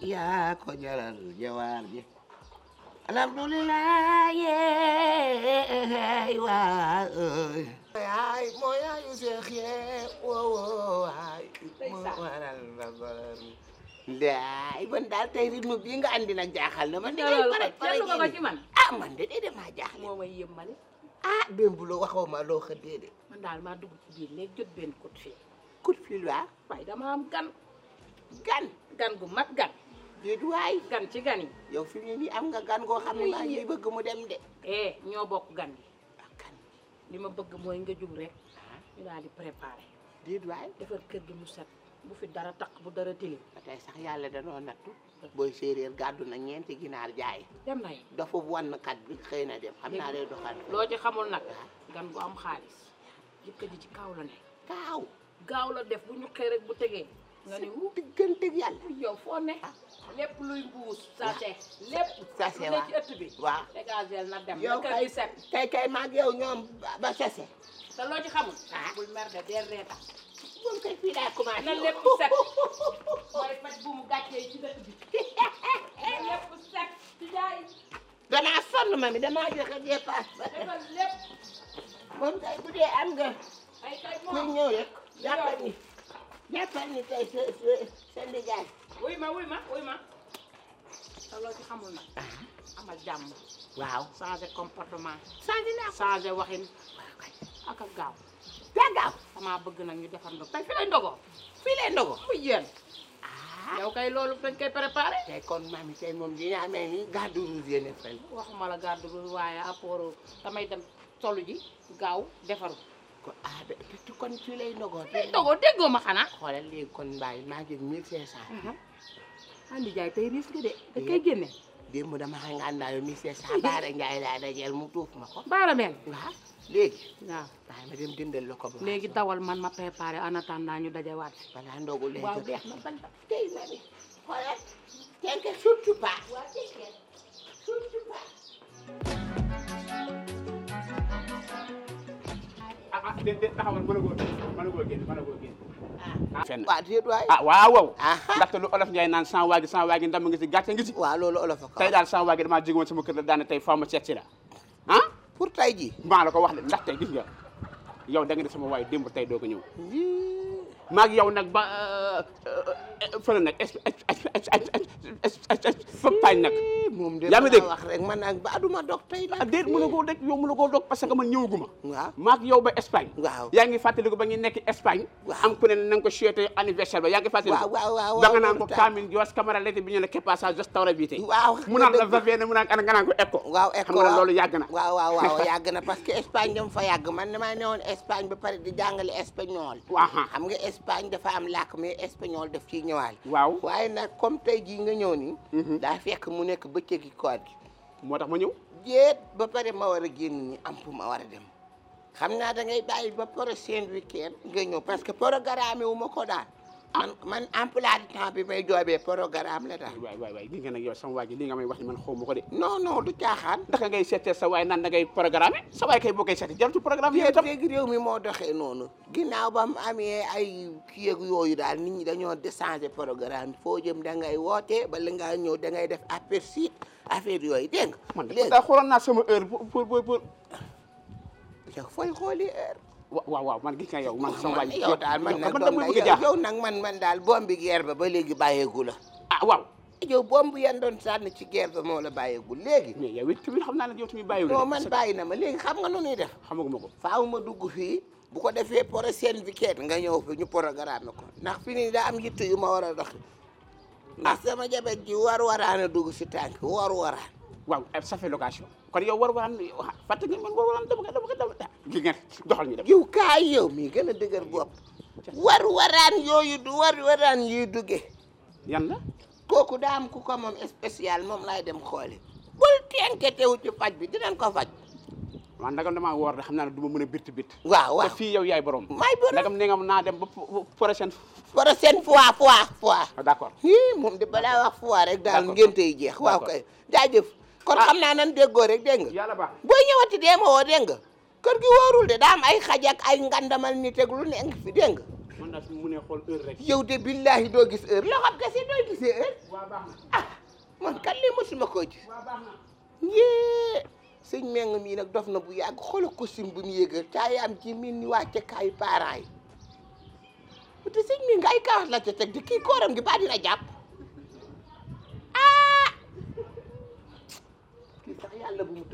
yaa ko jaral jawaar ji alhamdulillah yeey waay eh. ay moo yaayu seex yee woowoo ay moo waral babar daay man daal tey rythme bii nga andi nag jaaxal na man de eh, ay pare pare ji ah man de dee dama jaaxle waxoo ma loo xëddee de man daal maa dugg ci biir léegi jot benn coup de fil coup de fil waaw gan gan gan gu mag gan déet waay gan ci gan yi yow fi mu nii am nga gan goo xam ne maa bëgg mu dem de eh ñoo bokk gan yi ah, gan ma bëgg mooy nga jug rek ah. ñu di préparé déet waay defar kër gi mu set bu fi dara taq bu dara tilim ba tey sax yàlla danoo nattu booy séeréer gàddu na ñeenti ginaar jaay dem na dafa wannkat bi xëy na dem xam naa lay doxal loo ci xamul nag ah. gan gu am xaalis jëkkër ji ci kaaw la ne kaaw gaaw la def bu ñu xëy rek bu tegee nga ni wu digganteeg yàlla. yow foo ne ah. lépp luy mbuus. sachet lépp. sachet waaw lu ne ci bi. waaw dégagel na dem. yow kay kay maag yow ñoom ba sachet. te loo ci xamul. Ah. bul mer de der reeta. moom kay fii laa commencé. na lépp set. mooy faj bu mu gàccee ci dëkk bi. na lépp set. jaay. damaa joxe dépasse. defal lépp. jàppal ni tey sa sa sa ndijaay. wuy ma wuy ma wuy ma. te loo ci xamul nag. Ah. amal jàmm. waaw changer comportement. changer naa ko changer waxin. ak a gaaw. yaa gaaw damaa bëgg nag ñu defar ndog tey fi lay ndogoo. fii lay ndogoo muy yéen. Ah. yow kay loolu dañ koy préparé. tey kon maam yi tey moom dinaa mel ni garde rouge yéen a fay. waxuma la garde rouge waaye apport damay dem tollu ji gaaw defaru ko ah de ci kon ci lay nogoo. lay nogoo déggoo ma xanaa. xoolal léegi kon mbaay maa ngi mille cinq cent. Andi ah, Ndiaye tey riis nga de da koy génne. démb dama xam nga àndaayu mille cinq cent Baara Ndiaye laa dajeel mu tuuf ma ko. Baara mel waaw léegi. waaw waaye ma dem dindal la ko ba. léegi dawal man ma préparé en attendant ñu dajawaat. balaa ndogu léegi waaw deex na ban tey na bi xoolal. tey surtout pas. fenn ah waaw ndaxte lu olof Njaay naan sans waagi sans waagi ndam ngi si gàcce ngi si waaw loolu olof ko tey daal sans waagi damaa jóge woon sama kër la daane tey faw ma seet si la ah pour tey ji maa la ko wax de ndaxte gis nga yow dang nga di sama waay démb tey doo ko ñëw maag yow nag ba fële nag moom de yaa ngi dégg wax rek man ak aduma dog tey la ah, déet mën a koo a nga naan ko Eko waaw Eko xam parce que Espagne dama fa yàgg man damaa newoon Espagne ba pare di nga Espagne espagnol waaw waaye nag comme tey jii nga ñëw ni mhm. daa fekk mu nekk bëccëgi koor gi. moo tax ma ñëw. jéet ba pare ma war a génn ñi am fu ma war a dem xam naa da ngay bàyyi ba pare seen week-end nga ñëw parce que programme wu ma ko daal. man emploi du temps bi may joobee programme la tax. waay waay waay li nga nag yow sama waa ji li nga may wax ni man xaw ma ko de. non non du caaxaan. ndax ngay seetee sa nan da ngay programme sa waay kay boo koy seetee jaratu programme yooyu tam. léegi réew mi moo doxe noonu. ginnaaw ba mu amee ay kii yooyu daal nit ñi dañoo déchanger programme foo jëm da ngay woote bala ngaa ñëw da ngay def aperçu affaire yooyu dégg nga. man de xooloon naa sama heure pour pour pour. fooy xooli heure. waaw waaw man gis nga yow man sama waay daal man nag man man daal bomb bi guerre ba ba léegi bàyyeegu la ah waaw yow bomb yan doon sànni ci guerre ba moo la bàyyeegul léegi mais yow it tamit xam naa ne yow tamit bàyyiwul non man bàyyi na ma léegi xam nga nu ñuy def xamaguma ko faaw ma dugg fii bu ko defee prochaine week-end nga ñëw fi ñu programme ko ndax fi ni daa am yitt yu ma war a dox ndax sama jabet ji war waraan a dugg si tànk war waraan waaw eh, ça fait location kon yow war waraan fàtte nga war waraan dem nga li nga doxal ñu dem. yow kaay yow mii gën a dëgër bopp. war waraan yooyu du war waraan yuy duggee. la. kooku daa am ku ko moom spécial moom laay dem xooli. bul teenkete wu ci faj bi dinañ ko faj. waaw ndagam damaa woor de xam naa ne du ma mën a bitt bitt. waaw waaw te fii yow naa dem ba prochaine. prochaine fois fois fois. Ah, hii moom de balaa wax fois rek daal ngénte yi jeex. waaw kay jaajëf. kon ah. xam naa nan déggoo rek dégg nga. yàlla baax dee ma woo dégg kër gi wóorul de daa am ay xaj ay ngandamal nit ak lu nekk fi dégg nga man daal su mu mënee yow de billahi doo gis heure loo xam kese doo gisee heure. waaw baax na ah man kan lii mosuma koo gis. waaw mii nag dof na bu yàgg xoola costume bu mu yëgal caayaam ci min ni wàcce kaayu parents yi. te sëñ nga ay kawas la ca teg di kii kóoram gi ba dina jàpp. ah